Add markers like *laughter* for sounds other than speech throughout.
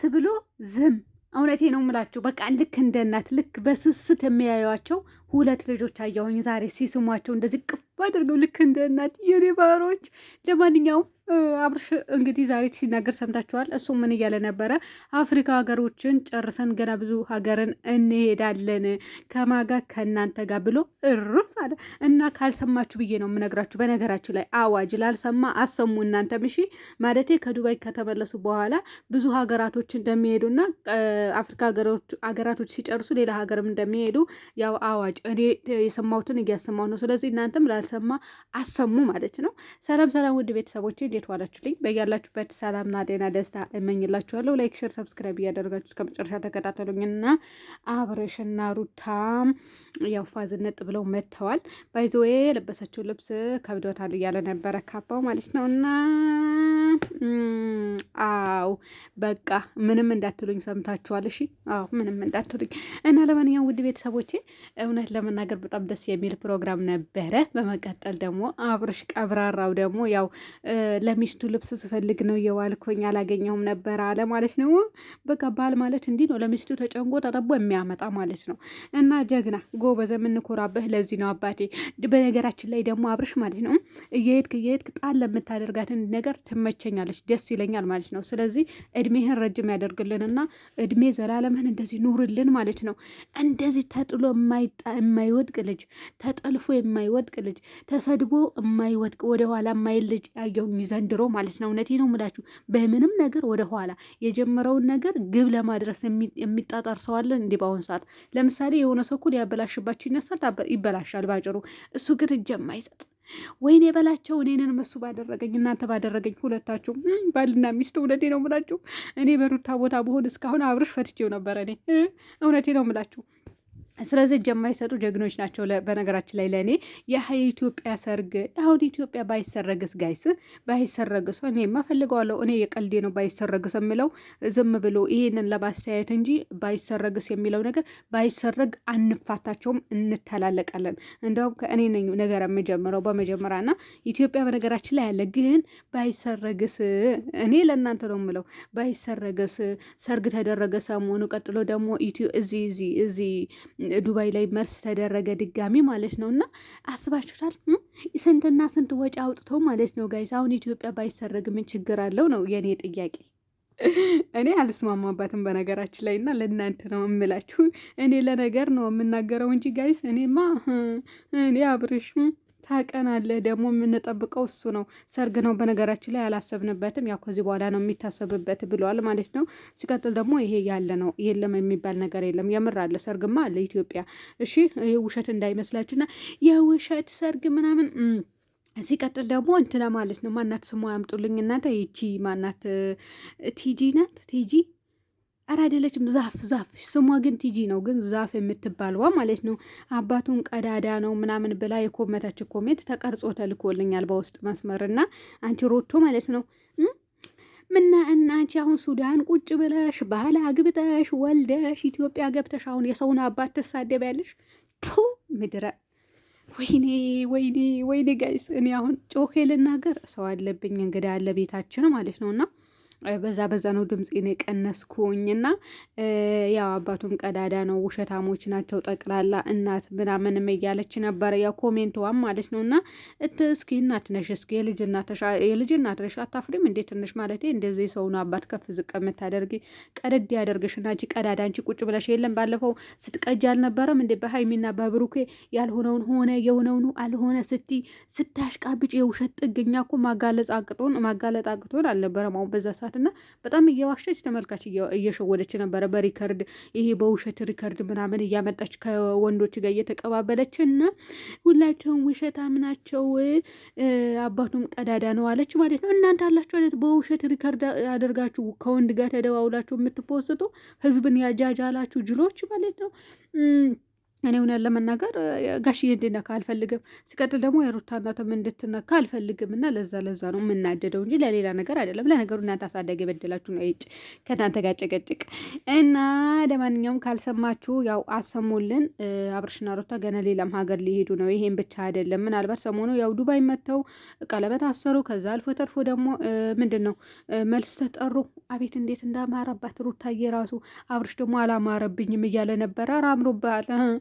ቢያንስ ብሎ ዝም እውነቴ ነው የምላችሁ። በቃ ልክ እንደ እናት ልክ በስስት የሚያዩቸው ሁለት ልጆች አያሁኝ ዛሬ ሲስሟቸው እንደዚህ ቅፍ አድርገው ልክ እንደ እናት የኔ ባሮች። ለማንኛውም አብርሽ እንግዲህ ዛሬ ሲናገር ሰምታችኋል። እሱ ምን እያለ ነበረ? አፍሪካ ሀገሮችን ጨርሰን ገና ብዙ ሀገርን እንሄዳለን ከማጋ ከእናንተ ጋር ብሎ እርፍ አለ እና ካልሰማችሁ ብዬ ነው የምነግራችሁ። በነገራችሁ ላይ አዋጅ ላልሰማ አሰሙ እናንተም እሺ። ማለቴ ከዱባይ ከተመለሱ በኋላ ብዙ ሀገራቶች እንደሚሄዱና አፍሪካ ሀገራቶች ሲጨርሱ ሌላ ሀገርም እንደሚሄዱ ያው አዋጅ እኔ የሰማሁትን እያሰማሁ ነው። ስለዚህ እናንተም ላልሰማ አሰሙ ማለት ነው። ሰላም ሰላም፣ ውድ ቤተሰቦች እንዴት ዋላችሁልኝ? በያላችሁበት ሰላምና ጤና ደስታ እመኝላችኋለሁ። ላይክ፣ ሼር፣ ሰብስክራይብ እያደረጋችሁ እስከ መጨረሻ ተከታተሉኝና አብረሽና ሩታም ያው ፋዝነጥ ብለው መጥተዋል። ባይዞዌ የለበሰችው ልብስ ከብዶታል እያለ ነበረ ካባው ማለት ነው እና አዎ በቃ ምንም እንዳትሉኝ ሰምታችኋል። እሺ አዎ ምንም እንዳትሉኝ እና ለማንኛውም ውድ ቤተሰቦቼ እውነት ለመናገር በጣም ደስ የሚል ፕሮግራም ነበረ። በመቀጠል ደግሞ አብርሽ ቀብራራው ደግሞ ያው ለሚስቱ ልብስ ስፈልግ ነው የዋልኩኝ አላገኘሁም ነበር አለ ማለት ነው። በቃ ባል ማለት እንዲህ ነው፣ ለሚስቱ ተጨንቆ ተጠቦ የሚያመጣ ማለት ነው። እና ጀግና ጎበዝ፣ የምንኮራበህ ለዚህ ነው አባቴ። በነገራችን ላይ ደግሞ አብርሽ ማለት ነው እየሄድክ እየሄድክ ጣል ለምታደርጋትን ነገር ትመቸኛለች፣ ደስ ይለኛል ማለት ነው። ስለዚህ እድሜህን ረጅም ያደርግልንና እድሜ ዘላለምህን እንደዚህ ኑርልን ማለት ነው። እንደዚህ ተጥሎ የማይወድቅ ልጅ፣ ተጠልፎ የማይወድቅ ልጅ፣ ተሰድቦ የማይወድቅ ወደኋላ የማይል ልጅ ያየሁኝ ዘንድሮ ማለት ነው። እውነቴ ነው የምላችሁ በምንም ነገር ወደኋላ የጀመረውን ነገር ግብ ለማድረስ የሚጣጣር ሰው አለን። እንዲህ በአሁን ሰዓት ለምሳሌ የሆነ ሰው እኮ ሊያበላሽባችሁ ይነሳል፣ ይበላሻል። ባጭሩ እሱ ግን እጀ የማይሰጥ ወይኔ በላቸው እኔንን መሱ ባደረገኝ እናንተ ባደረገኝ ሁለታችሁ ባልና ሚስት። እውነቴ ነው ምላችሁ። እኔ በሩታ ቦታ በሆን እስካሁን አብርሽ ፈትቼው ነበረ። እኔ እውነቴ ነው ምላችሁ። ስለዚህ እጅ የማይሰጡ ጀግኖች ናቸው። በነገራችን ላይ ለእኔ ያህ የኢትዮጵያ ሰርግ አሁን ኢትዮጵያ ባይሰረግስ ጋይስ ባይሰረግስ፣ እኔ የማፈልገዋለው እኔ የቀልዴ ነው ባይሰረግስ የሚለው ዝም ብሎ ይህንን ለማስተያየት እንጂ ባይሰረግስ የሚለው ነገር ባይሰረግ አንፋታቸውም፣ እንተላለቃለን። እንደውም ከእኔ ነኝ ነገር የምጀምረው በመጀመሪያ እና ኢትዮጵያ በነገራችን ላይ ያለ ግን ባይሰረግስ፣ እኔ ለእናንተ ነው የምለው ባይሰረግስ። ሰርግ ተደረገ ሰሞኑ፣ ቀጥሎ ደግሞ እዚ እዚ እዚ ዱባይ ላይ መርስ ተደረገ ድጋሚ ማለት ነው። እና አስባችሁታል? ስንትና ስንት ወጪ አውጥቶ ማለት ነው ጋይስ። አሁን ኢትዮጵያ ባይሰረግ ምን ችግር አለው ነው የእኔ ጥያቄ። እኔ አልስማማባትም በነገራችን ላይ እና ለእናንተ ነው የምላችሁ። እኔ ለነገር ነው የምናገረው እንጂ ጋይስ እኔማ እኔ አብርሽ ታቀናለህ ደግሞ የምንጠብቀው እሱ ነው። ሰርግ ነው በነገራችን ላይ አላሰብንበትም። ያው ከዚህ በኋላ ነው የሚታሰብበት ብለዋል ማለት ነው። ሲቀጥል ደግሞ ይሄ ያለ ነው የለም የሚባል ነገር የለም። የምር አለ ሰርግማ አለ ኢትዮጵያ። እሺ ይሄ ውሸት ና የውሸት ሰርግ ምናምን ሲቀጥል ደግሞ እንትና ማለት ነው ማናት ስሟ ያምጡልኝ እናንተ ይቺ ማናት ቲጂ ናት ቲጂ ኧረ አይደለችም፣ ዛፍ ዛፍ ስሟ ግን ቲጂ ነው። ግን ዛፍ የምትባልዋ ማለት ነው አባቱን ቀዳዳ ነው ምናምን ብላ የኮመተች ኮሜንት ተቀርጾ ተልኮልኛል በውስጥ መስመርና አንቺ ሮቶ ማለት ነው ምና እና አንቺ አሁን ሱዳን ቁጭ ብለሽ ባህል አግብተሽ ወልደሽ ኢትዮጵያ ገብተሽ አሁን የሰውን አባት ያለሽ ቱ ምድረ ወይኔ ወይኔ ወይኔ ጋይስ እኔ አሁን ጮኬ ልናገር ሰው አለብኝ እንግዳ አለ ቤታችን ማለት ነውና በዛ በዛ ነው ድምፄን የቀነስኩኝ። እና ያው አባቱም ቀዳዳ ነው፣ ውሸታሞች ናቸው ጠቅላላ እናት ምናምንም እያለች ነበረ ያው ኮሜንትዋም ማለት ነው። እና እት እስኪ እናት ነሽ እስኪ የልጅ እናት ነሽ አታፍሪም እንዴ? ትንሽ ማለት እንደዚህ ሰውን አባት ከፍ ዝቅ የምታደርጊ ቀደድ ያደርግሽ እና ቀዳዳ አንቺ ቁጭ ብለሽ የለም ባለፈው ስትቀጅ አልነበረም እንዴ? በሀይሚና በብሩኬ ያልሆነውን ሆነ የሆነውን አልሆነ ስቲ ስታሽቃብጭ የውሸት ጥግኛ እኮ ማጋለጥ አቅቶን ማጋለጥ አቅቶን አልነበረም አሁን በዛ አለባትና በጣም እየዋሸች ተመልካች እየሸወደች ነበረ። በሪከርድ ይሄ በውሸት ሪከርድ ምናምን እያመጣች ከወንዶች ጋር እየተቀባበለች እና ሁላቸውም ውሸታም ናቸው፣ አባቱም ቀዳዳ ነው አለች ማለት ነው። እናንተ አላችሁ አይደል በውሸት ሪከርድ አድርጋችሁ ከወንድ ጋር ተደዋውላችሁ የምትፖስጡ ህዝብን ያጃጃላችሁ ጅሎች ማለት ነው። እኔ እውነት ለመናገር ጋሽዬ እንዲነካ አልፈልግም። ሲቀጥል ደግሞ የሩታ እናትም እንድትነካ አልፈልግም እና ለዛ ለዛ ነው የምናደደው እንጂ ለሌላ ነገር አይደለም። ለነገሩ እናንተ አሳዳጊ የበደላችሁ ነው ጭ ከእናንተ ጋር ጭቅጭቅ እና ለማንኛውም ካልሰማችሁ ያው አሰሙልን። አብርሽና ሩታ ገና ሌላም ሀገር ሊሄዱ ነው። ይሄን ብቻ አይደለም። ምናልባት ሰሞኑ ያው ዱባይ መጥተው ቀለበት አሰሩ። ከዛ አልፎ ተርፎ ደግሞ ምንድን ነው መልስ ተጠሩ። አቤት እንዴት እንዳማረባት ሩታ የራሱ አብርሽ ደግሞ አላማረብኝም እያለ ነበረ። አምሮባል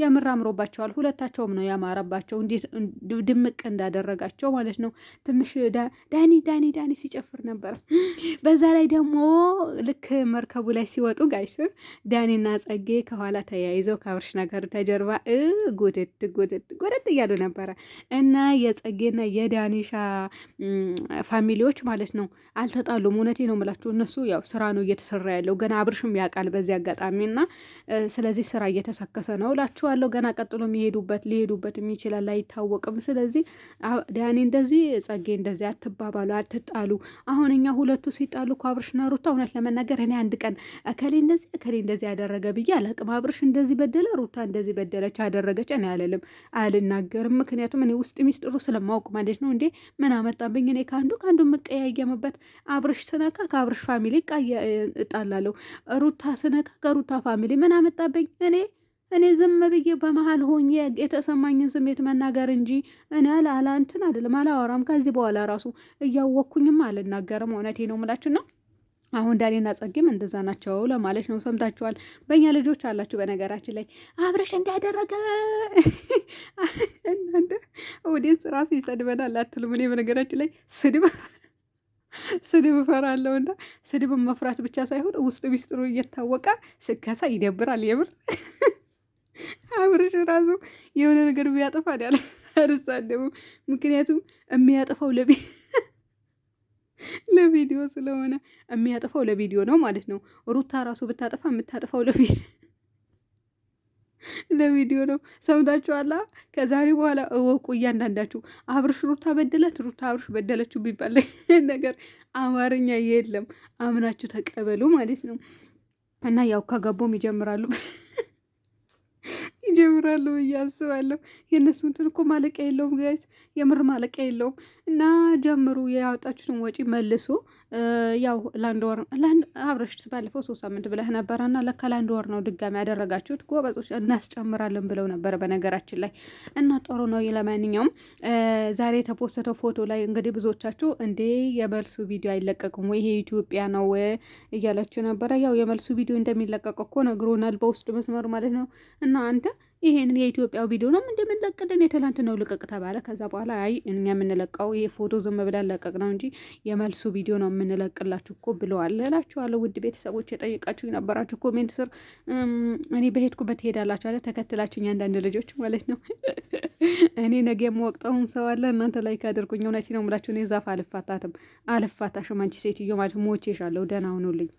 የምር አምሮባቸዋል። ሁለታቸውም ነው ያማረባቸው። እንዴት ድምቅ እንዳደረጋቸው ማለት ነው። ትንሽ ዳኒ ዳኒ ዳኒ ሲጨፍር ነበር። በዛ ላይ ደግሞ ልክ መርከቡ ላይ ሲወጡ ጋይስ ዳኒና ጸጌ ከኋላ ተያይዘው ከአብርሽ ነገር ተጀርባ ጎደድ ጎደድ ጎደድ እያሉ ነበረ እና የጸጌና የዳኒሻ ፋሚሊዎች ማለት ነው አልተጣሉም። እውነቴ ነው የምላችሁ እነሱ ያው ስራ ነው እየተሰራ ያለው ገና አብርሽም ያውቃል በዚህ አጋጣሚ እና ስለዚህ ስራ እየተሰከሰ ነው እላችሁ እላችኋለሁ። ገና ቀጥሎ የሚሄዱበት ሊሄዱበት ይችላል አይታወቅም። ስለዚህ ዳኒ እንደዚህ ጸጌ እንደዚህ አትባባሉ፣ አትጣሉ። አሁን እኛ ሁለቱ ሲጣሉ እኮ አብርሽና ሩታ እውነት ለመናገር እኔ አንድ ቀን እከሌ እንደዚህ እከሌ እንደዚህ ያደረገ ብዬ አላቅም። አብርሽ እንደዚህ በደለ፣ ሩታ እንደዚህ በደለች አደረገች እኔ አልልም አልናገርም። ምክንያቱም እኔ ውስጥ ሚስጥሩ ስለማውቅ ማለት ነው። እንዴ ምን አመጣብኝ እኔ ከአንዱ ከአንዱ የምቀያየምበት። አብርሽ ስነካ ከአብርሽ ፋሚሊ እጣላለሁ፣ ሩታ ስነካ ከሩታ ፋሚሊ ምን አመጣብኝ እኔ እኔ ዝም ብዬ በመሀል ሆኜ የተሰማኝን ስሜት መናገር እንጂ እኔ አላላ እንትን አይደለም አላወራም። ከዚህ በኋላ ራሱ እያወቅኩኝም አልናገርም። እውነቴ ነው ምላችን ነው። አሁን ዳኔና ጸጌም እንደዛ ናቸው ለማለት ነው። ሰምታችኋል። በእኛ ልጆች አላችሁ። በነገራችን ላይ አብረሽ እንዳደረገ እናንተ ኦዲየንስ ራሱ ይሰድበናል አትሉም? እኔ በነገራችን ላይ ስድብ ስድብ እፈራለሁ እና ስድብን መፍራት ብቻ ሳይሆን ውስጥ ሚስጥሩ እየታወቀ ስከሳ ይደብራል የምር አብርሽ ራሱ የሆነ ነገር ቢያጠፋ ያለ አልሳደብም። ምክንያቱም የሚያጠፋው ለቢ ለቪዲዮ ስለሆነ የሚያጠፋው ለቪዲዮ ነው ማለት ነው። ሩታ ራሱ ብታጠፋ የምታጠፋው ለቪ ለቪዲዮ ነው። ሰምታችኋላ። ከዛሬ በኋላ እወቁ እያንዳንዳችሁ። አብርሽ ሩታ በደላት፣ ሩታ አብርሽ በደለችው ቢባል *laughs* ነገር አማርኛ የለም። አምናችሁ ተቀበሉ ማለት ነው። እና ያው ከገቦም ይጀምራሉ *laughs* ይጀምራሉ ብዬ አስባለሁ። የእነሱ እንትን እኮ ማለቂያ የለውም ጋይስ፣ የምር ማለቂያ የለውም እና ጀምሩ። ያወጣችሁትን ወጪ መልሱ። ያው ለአንድ ወር አብረሽ ባለፈው ሶስት ሳምንት ብለህ ነበረ ነበረና ለካ ለአንድ ወር ነው ድጋሚ ያደረጋችሁት። ጎበጾች እናስጨምራለን ብለው ነበረ በነገራችን ላይ እና ጥሩ ነው። ለማንኛውም ዛሬ የተፖስተው ፎቶ ላይ እንግዲህ ብዙዎቻችሁ እንዴ የመልሱ ቪዲዮ አይለቀቅም ወይ ይሄ ኢትዮጵያ ነው እያላችሁ ነበረ። ያው የመልሱ ቪዲዮ እንደሚለቀቅ እኮ ነግሮናል በውስጡ መስመሩ ማለት ነው እና አንተ ይሄንን የኢትዮጵያው ቪዲዮ ነው እንደምንለቅልን የትላንት ነው ልቀቅ ተባለ። ከዛ በኋላ አይ እኛ የምንለቀው ይሄ ፎቶ ዝም ብለን ለቀቅ ነው እንጂ የመልሱ ቪዲዮ ነው የምንለቅላችሁ እኮ ብለዋል እላችኋለሁ። ውድ ቤተሰቦች የጠየቃችሁ የነበራችሁ ኮሜንት ስር እኔ በሄድኩበት ትሄዳላችሁ አለ ተከትላችሁኝ፣ አንዳንድ ልጆች ማለት ነው። *laughs* እኔ ነገ የምወቅጠውን ሰው አለ እናንተ ላይክ አድርጉኝ። እውነቴ ነው የምላችሁ። እኔ ዛፍ አልፋታትም አልፋታሽም አንቺ ሴትዮ ማለት ሞቼሻለሁ። ደህና ሁኑልኝ።